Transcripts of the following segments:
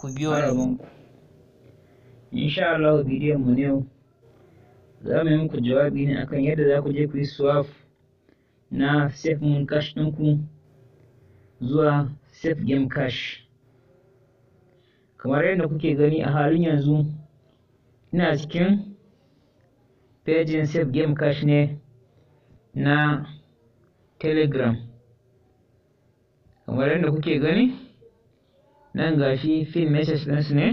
ku biyo mu. insha Allah bidiyon mu ne za mu yi muku jawabi ne akan yadda za ku je ku yi swap na safe moon cash ɗinku zuwa safe game cash kamar yadda kuke gani a halin yanzu ina cikin pejin safe game cash ne na telegram kamar yadda kuke gani nan gashi fin message ɗinsu ne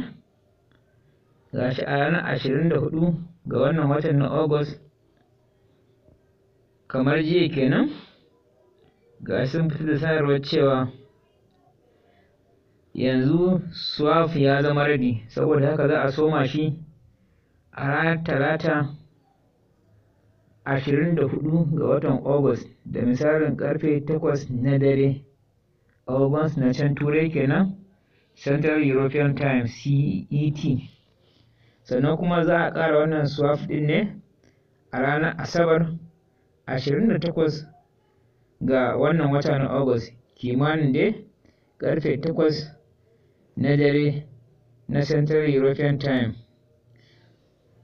gashi a ranar ashirin da hudu ga wannan watan na august kamar jiya kenan ga sun fito da sanarwar cewa yanzu swaf ya zama rabi saboda haka za a soma shi a ranar talata ashirin da hudu ga watan august da misalin karfe takwas na dare august na can turai kenan Central European Time CET sannan kuma za a ƙara wannan swap ɗin ne a ranar Asabar 28 ga wannan wata na August kimanin dai ƙarfe 8 na dare na Central European Time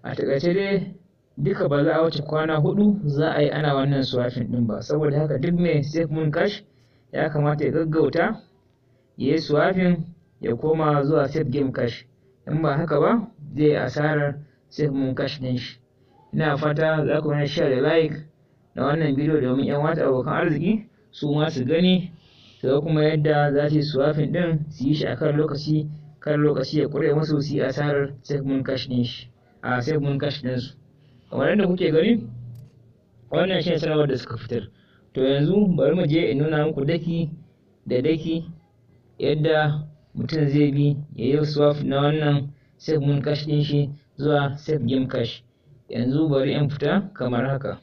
a taƙaice dai duka ba za a wuce kwana hudu za a yi ana wannan swafin ɗin ba saboda haka duk mai safe moon cash ya kamata ya gaggauta ya yi swafin ya koma zuwa safe game cache in ba haka ba zai asarar safe mun cache din shi ina fata za ku hana share da like na wannan bidiyo domin yan wata abokan arziki su ma su gani su kuma yadda za su yi swapping din su yi shi kan lokaci kan lokaci ya kure musu su yi asarar safe mun cache din shi a safe mun cache din su kamar yadda kuke gani wannan shi sanarwar da suka fitar to yanzu bari mu je in nuna muku daki da daki yadda mutum zai bi ya yi swap na wannan save mun cache din shi zuwa save game cache yanzu bari in fita kamar haka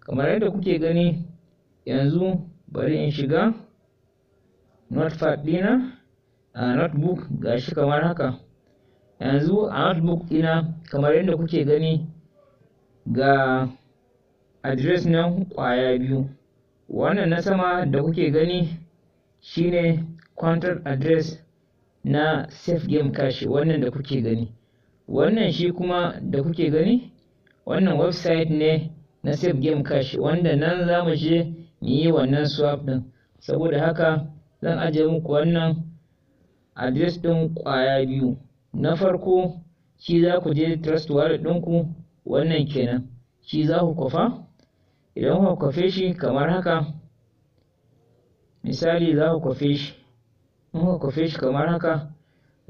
kamar yadda kuke gani yanzu bari in shiga notepad dina a notebook gashi kamar haka yanzu a notebook dina kamar yadda kuke gani ga address nan kwaya biyu wannan na sama da kuke gani shine counter address na safe game cache wannan da kuke gani wannan shi kuma da kuke gani wannan website ne na safe game cache wanda nan za mu je mu yi wannan swap din saboda haka zan ajiye muku wannan address din kwaya biyu na farko shi za ku je trust wallet ɗinku wannan kenan shi za ku kwafa idan ku kwafe shi kamar haka misali za ku kwafe shi in ku kwafe shi kamar haka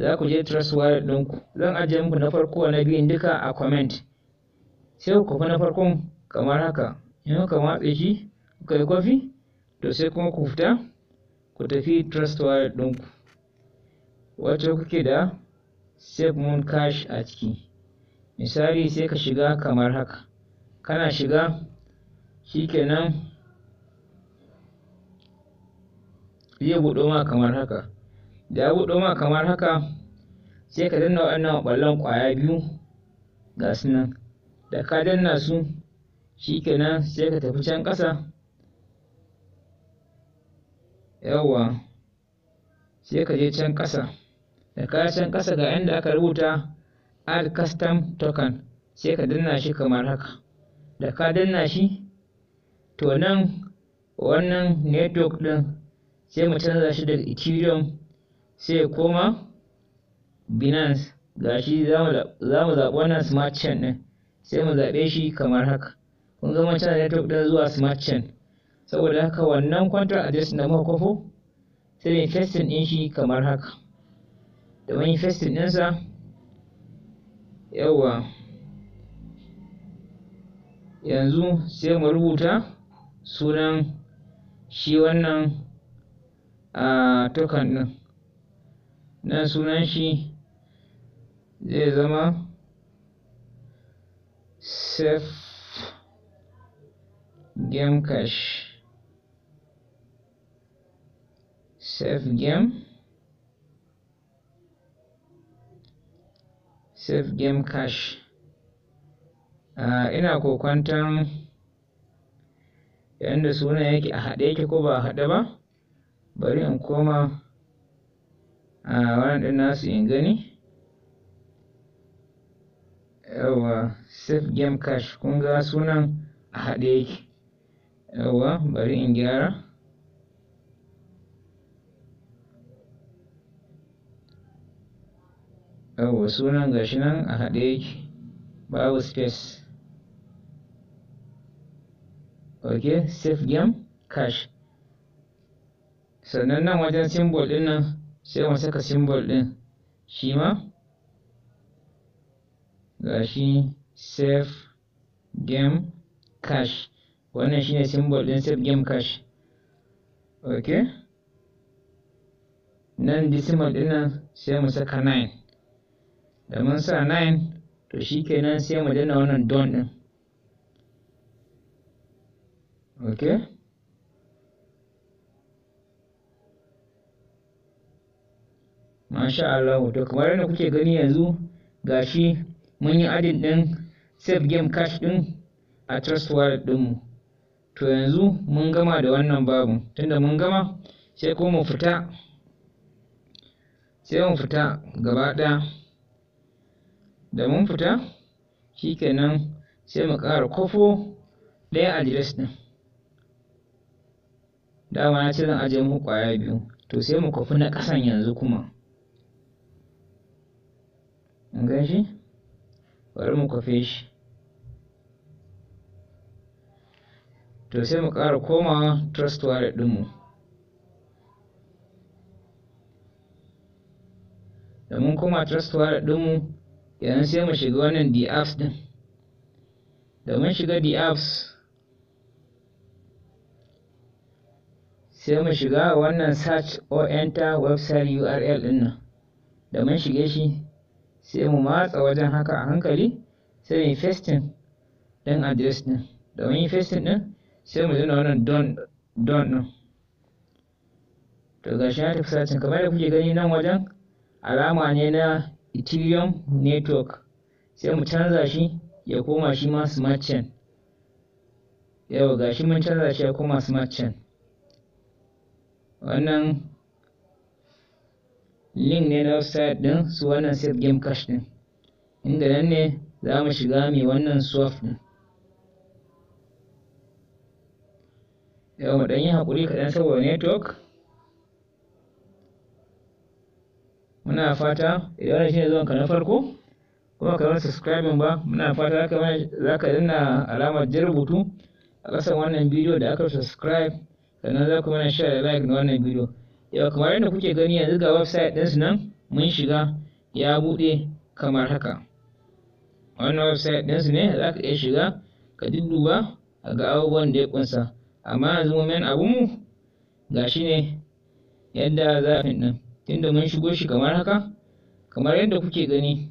za ku je trust wallet ɗinku zan ajiye muku na farko na biyun duka a comment sai ku kwafi na farkon kamar haka in kuka matse shi kuka yi kwafi to sai kuma ku fita ku tafi trust wallet ɗinku wacce kuke da save moon cash a ciki misali sai ka shiga kamar haka kana shiga shikenan ya buɗo ma kamar haka da ya buɗo ma kamar haka sai ka danna waɗannan ɓallon ƙwaya biyu ga su nan da ka danna su shi kenan sai ka tafi can ƙasa yawwa sai ka je can ƙasa da ka can ƙasa ga inda aka rubuta add custom token sai ka danna shi kamar haka da ka danna shi to nan wannan network ɗin sai mu canza shi daga ethereum sai koma binance gashi za mu zaɓi wannan smart chain ɗin sai mu zaɓe shi kamar haka kun zama canza network ɗin zuwa smart chain saboda haka wannan contract address na muka kwafo sai mu festin ɗin shi kamar haka da mun yi ɗinsa yawwa yanzu sai mu rubuta sunan shi wannan a tukan ɗin na sunan shi zai zama safe game cash, safe game safe game cash, uh, ina kokwantan yadda sunan yake a haɗe yake ko ba a haɗe ba bari in koma a wannan ɗin nasu in gani yawa safe game cash kun ga sunan a haɗe yake yawa bari in gyara yawa sunan gashi nan a haɗe yake babu space ok safe game cash sannan nan wajen symbol ɗin nan sai mu saka symbol ɗin shi ma gashi save game cash wannan shine symbol ɗin save game cash ok nan decimal ɗin nan sai mu saka 9 da mun sa 9 to shi kenan sai mu dana wannan don ɗin ok masha Allah to kamar yadda kuke gani yanzu gashi mun yi adin din save game cash din a trust wallet din mu to yanzu mun gama da wannan babu tunda mun gama sai kuma mu fita sai mu fita gaba ɗaya da mun fita shikenan sai mu ƙara kwafo daya adires ɗin dama na ce zan ajiye muku kwaya biyu to sai mu kwafi na ƙasan yanzu kuma mun gan shi bari mu kwafe shi to sai mu ƙara koma trust wallet ɗinmu da mun koma trust wallet ɗinmu yanzu sai mu shiga wannan the apps ɗin da mun shiga the apps sai mu shiga wannan search or enter website url ɗin nan da mun shige shi sai mu matsa wajen haka a hankali sai mu yi festin ɗin adres ɗin domin yi festin ɗin sai mu zina wannan don don ɗin to gashi na tafi sacin kamar da kuke gani nan wajen alama ne na ethereum network sai mu canza shi ya koma shi ma smart chain yau gashi mun canza shi ya koma smart chain wannan link ne na website din su wannan set game cache din inda nan ne za mu shiga mai wannan swap din yau mu yi haƙuri kaɗan saboda network muna fata idan wannan shine zuwan ka na farko kuma ka zama subscribing ba muna fata za ka danna alamar jar rubutu a ƙasar wannan bidiyo da aka subscribe sannan za ku mana share da like na wannan bidiyo yau kamar yadda kuke gani yanzu ga website ɗinsu nan mun shiga ya buɗe kamar haka wannan website ɗinsu ne za ka iya shiga ka dudduba ga abubuwan da ya ƙunsa amma yanzu moment abinmu ga shi ne yadda za a nan tunda mun shigo shi kamar haka kamar yadda kuke gani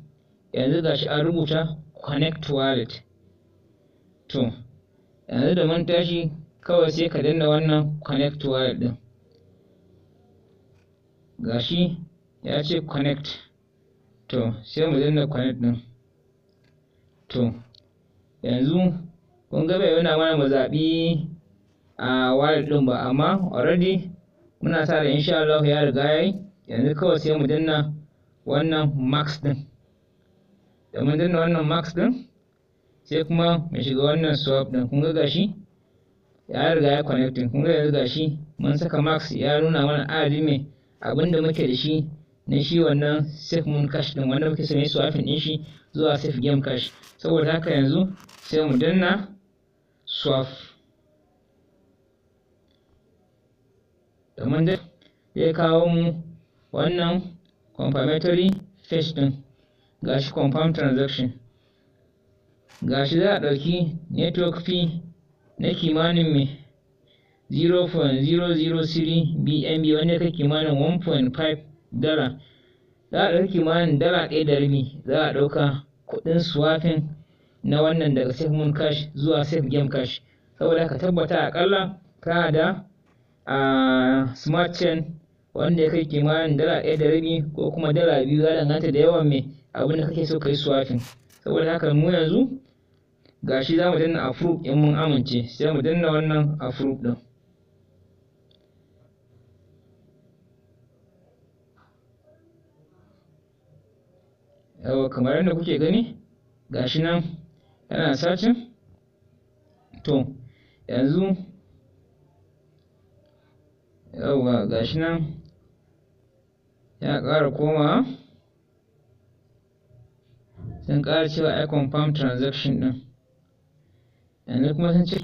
yanzu ga shi an rubuta connect wallet to yanzu da mun tashi kawai sai ka danna wannan connect wallet ɗin gashi ya ce connect to sai mu danna connect din to yanzu kun ga bai yana mana mu zabi a wallet din ba amma already muna sa da insha Allah ya riga yayi yanzu kawai sai mu danna wannan max din da mun danna wannan max din sai kuma mu shiga wannan swap din kun ga gashi ya riga ya connecting kun ga yanzu gashi mun saka max ya nuna mana adadin mai abin da muke da shi na shi wannan safe moon cache din wanda muke sanya swapping din shi zuwa safe game cache saboda haka yanzu sai mu danna swap domin da ya kawo mu wannan confirmatory fetch din gashi confirm transaction gashi za a ɗauki network fee na kimanin mai 0.003 bnb wanda ya kai kimanin 1.5 dala za a ɗauki kimanin dala ɗaya da rabi za a ɗauka kuɗin swafin na wannan daga safe moon cash zuwa safe game cash saboda ka tabbata akalla ka da a smart chain wanda ya kai kimanin dala ɗaya da rabi ko kuma dala biyu ya danganta da yawan mai abin da kake so ka yi saboda haka mu yanzu gashi za mu danna approve in mun amince sai mu danna wannan approve ɗin yawa kamar yadda kuke gani gashi nan yana sacin to yanzu yawa gashi nan ya ƙara komawa sun ƙara cewa i confirm transaction din yanzu kuma sun ce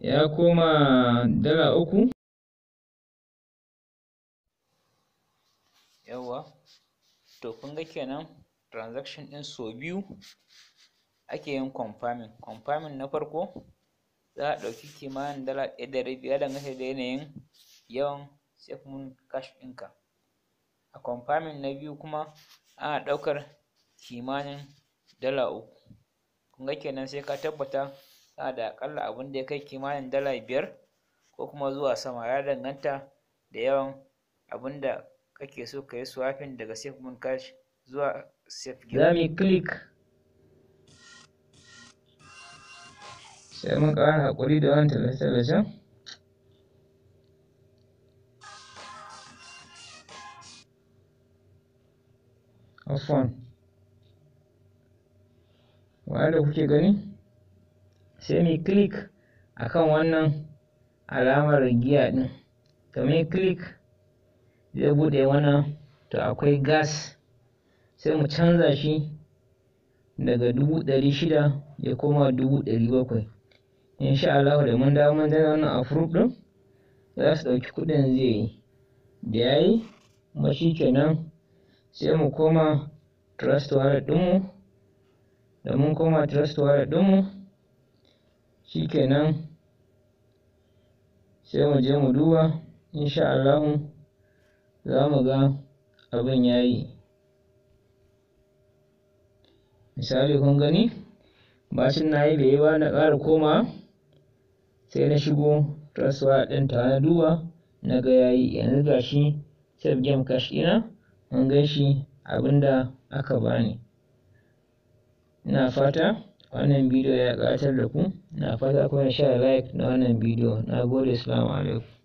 ya koma dala uku to kun ga kenan transaction ɗin so biyu ake yin confirming confirming na farko za a ɗauki kimanin dala ɗaya da rabi ya dangane da yanayin yawan safe moon cash ɗinka a confirming na biyu kuma ana ɗaukar kimanin dala uku kun ga kenan sai ka tabbata kana da aƙalla abin da ya kai kimanin dala biyar ko kuma zuwa sama ya danganta da yawan abin da kake so ka yi swapping daga safe moon cash zuwa safe game za mu click sai mun ƙara haƙuri da wani tallace-tallacen afon da kuke gani sai mu click akan wannan alamar giya ɗin ka mu click zai bude wannan to akwai gas sai mu canza shi daga dubu ɗari shida ya koma dubu ɗari bakwai insha Allah da mun dawo mun zana wannan approve ɗin za su ɗauki kuɗin zai yi da ya yi kuma shi kenan sai mu koma trust wallet ɗinmu da mun koma trust wallet ɗinmu shi kenan sai mu je mu duba insha Allah za mu ga abin ya yi misali kun gani bashin na yi da na ƙara koma sai na shigo transfer ɗin ta na duba na ga ya yi yanzu ga shi save game cash ɗina mun gan shi abin da aka bani ina fata wannan bidiyo ya ƙatar da ku na fata kuma sha like na wannan bidiyo na gode salamu alaikum